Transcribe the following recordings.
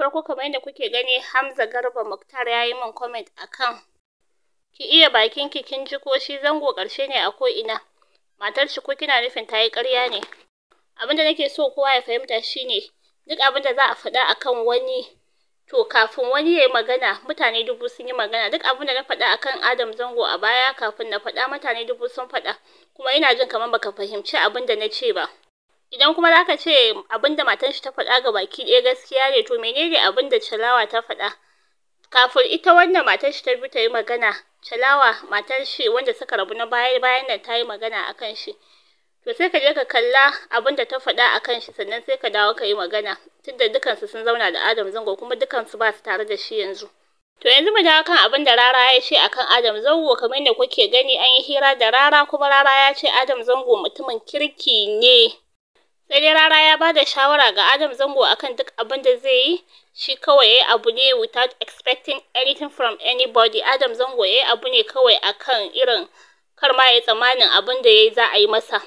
farko kamar yadda kuke gani Hamza Garba Muktar ya yi min comment akan ki iya bakin ki kin ji ko shi zango karshe ne a ko ina matar shi ko kina nufin ta yi ƙarya ne abinda nake so kowa ya fahimta shine duk abinda za a faɗa akan wani to kafin wani ya yi magana mutane dubu sun yi magana duk abinda na faɗa akan Adam Zango a baya kafin na faɗa mutane dubu sun faɗa kuma ina jin kamar baka fahimci abinda na ce ba idan kuma zaka ce abinda matar shi ta faɗa ga baki ɗaya gaskiya ne to menene abinda Chalawa ta faɗa kafin ita wannan matar shi ta bi ta yi magana Chalawa matar shi wanda suka rabu na baya bayan nan ta yi magana akan shi to sai ka je ka kalla abinda ta faɗa akan shi sannan sai ka dawo ka yi magana tunda su sun zauna da Adam Zango kuma su ba su tare da shi yanzu To yanzu mu dawo kan abin da Rara ya ce akan Adam Zango kamar yadda kuke gani an yi hira da Rara kuma Rara ya ce Adam Zango mutumin kirki ne Sai dai Rara ya ba da shawara ga Adam Zango akan duk abin da zai yi, shi kawai ya yi abu ne without expecting anything from anybody. Adam Zango ya yi abu ne kawai akan irin kar ma ya tsammanin abin da ya yi za a yi masa.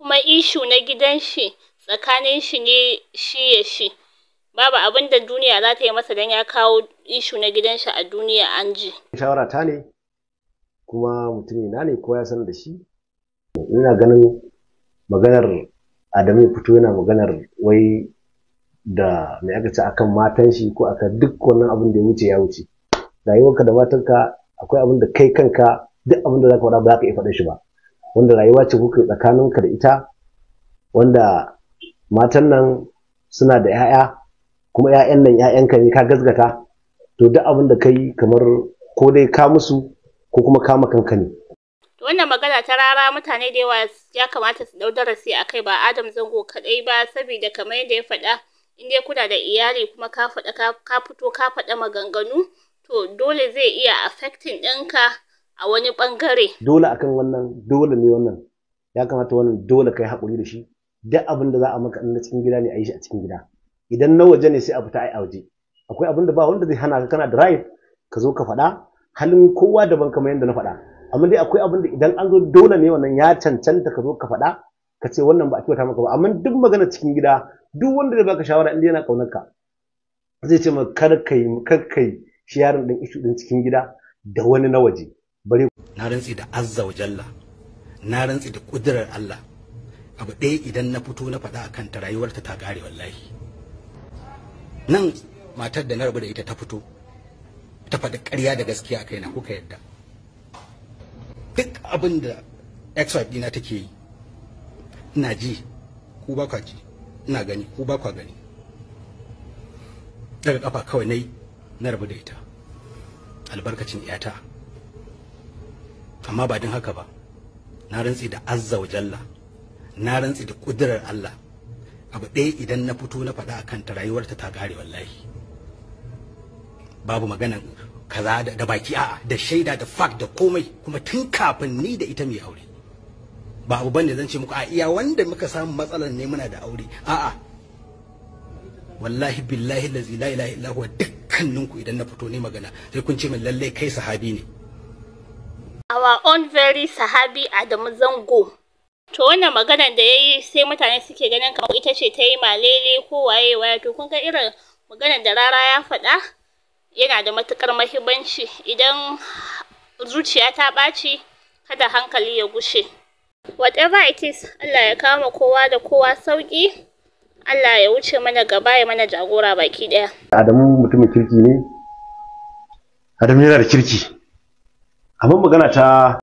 Kuma ishu na gidan shi tsakanin shi ne shi ya shi. Babu abin da duniya za ta yi masa don ya kawo ishu na gidan shi a duniya an ji. Shawara ta ne kuma mutum ina ne kowa ya san da shi. Ina ganin maganar adamu ya fito yana maganar wai da me aka ce akan matan shi ko akan duk wannan abin da ya wuce ya wuce rayuwarka da matanka akwai abin da kai kanka duk abin da zaka faɗa ba za ka iya faɗa shi ba wanda rayuwa ce kuka ka da ita wanda matan nan suna da 'ya'ya kuma 'ya'yan nan 'ya'yanka ne ka gazgata to duk abin da kai kamar ko dai ka musu ko kuma kama kanka ne Wannan magana ta rara mutane da yawa ya kamata su dau darasi a kai ba Adam Zango kaɗai ba saboda kamar yadda ya faɗa in dai kuna da iyali kuma ka faɗa ka fito ka faɗa maganganu to dole zai iya affecting ɗinka a wani ɓangare. Dole akan wannan dole ne wannan ya kamata wannan dole kai haƙuri da shi duk abin da za a maka na cikin gida ne a yi shi a cikin gida idan na waje ne sai a fita a waje akwai abin da ba wanda zai hana ka kana da ka zo ka faɗa halin kowa daban kamar yadda na faɗa amma dai akwai abin da idan an zo dole ne wannan ya cancanta ka zo ka faɗa ka ce wannan ba a kyauta maka ba amma duk magana cikin gida duk wanda da baka shawara inda yana kaunar ka zai ce maka kar kai kar kai shi yaron din ishu din cikin gida da wani na waje bare na rantsi da azza wa jalla na rantsi da kudirar Allah abu ɗaya idan na fito na faɗa akan ta rayuwarta ta kare wallahi nan matar da na rabu da ita ta fito ta faɗi ƙarya da gaskiya kai na kuka yadda duk abin da ex-wife dina take yi ina ji ku ba kwa ji ina gani ku ba kwa gani daga kafa kawai na yi na rabu da ita albarkacin iyata amma ba din haka ba na rantsi da azza wa jalla na rantsi da kudurar Allah abu ɗaya idan na fito na faɗa akan ta rayuwarta ta gare wallahi babu maganan kaza da baki a'a da shaida da fact da komai kuma tun kafin ni da ita mai aure ba abu bane zan ce muku a iya wanda muka samu matsalar ne muna da aure a'a wallahi billahi lazi la ilaha illa dukkaninku idan na fito ne magana sai kun ce min lallai kai sahabi ne our own very sahabi Adamu Zango to wannan maganar da yayi sai mutane suke ganin kamar ita ce ta yi malele ko waye waye to kun ga irin maganar da rara ya faɗa yana da matukar mahimmanci idan zuciya ta ɓaci kada hankali ya gushe whatever it is Allah ya kama kowa da kowa sauki Allah ya wuce mana gaba ya mana jagora baki daya Adamu mutumin kirki ne Adamu yana da kirki abin magana ta